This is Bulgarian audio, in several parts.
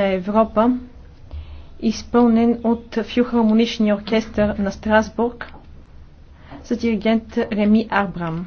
на Европа, изпълнен от филхармоничния оркестър на Страсбург с диригент Реми Арбрам.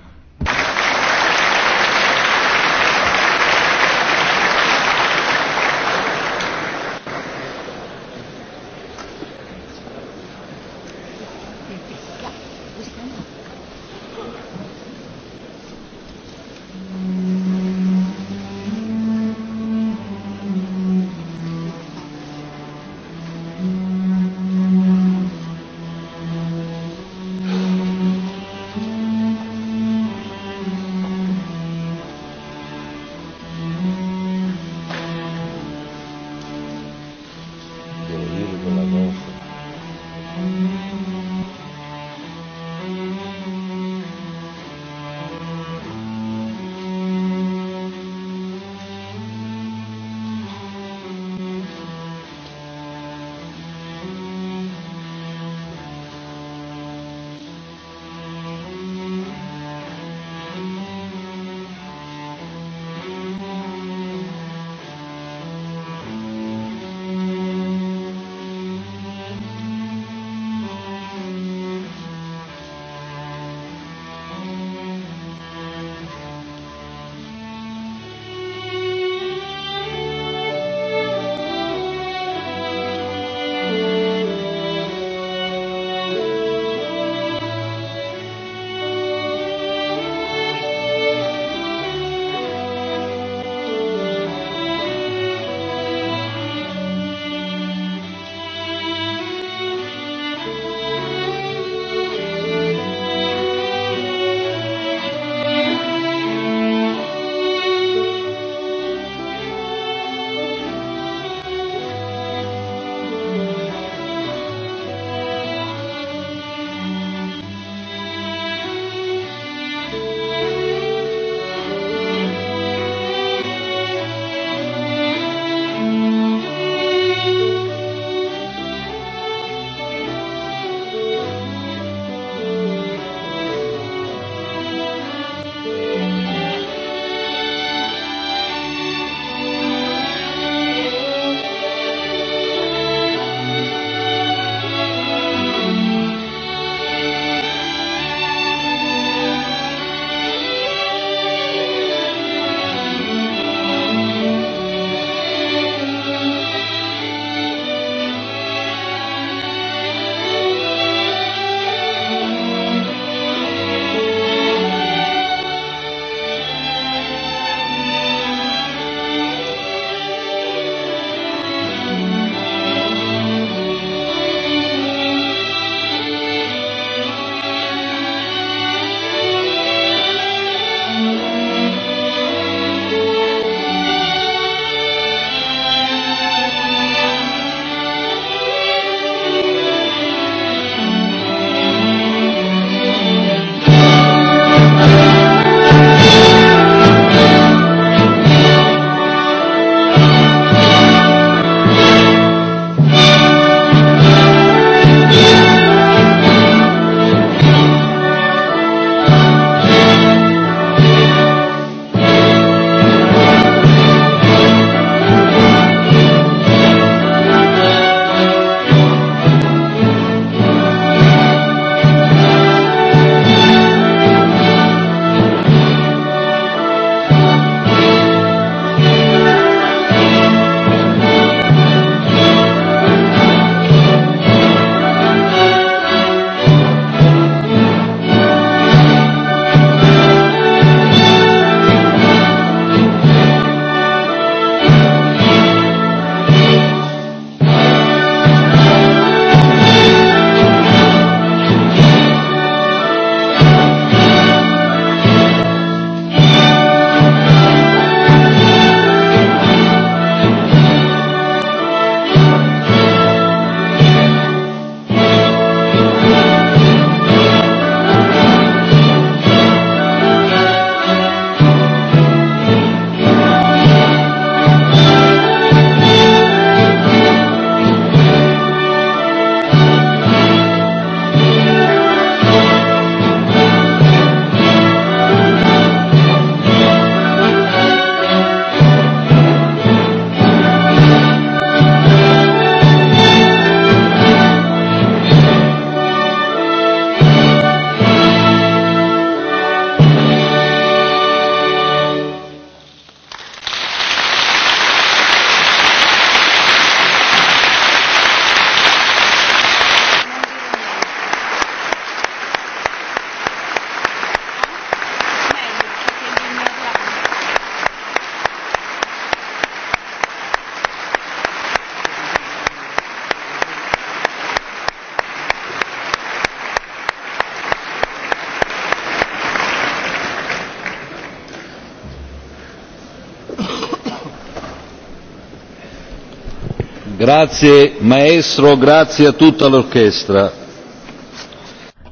Grazie maestro, grazie a tutta l'orchestra.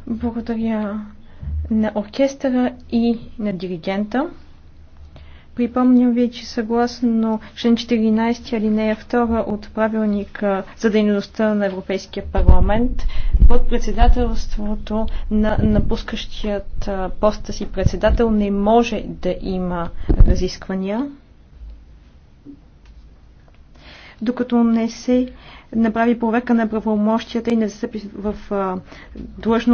Благодаря на оркестъра и на диригента. Припомням ви, че съгласно член 14 алинея 2 от правилника за дейността на Европейския парламент, под председателството на напускащият поста си председател не може да има разисквания докато не се направи проверка на правомощията и не се в длъжност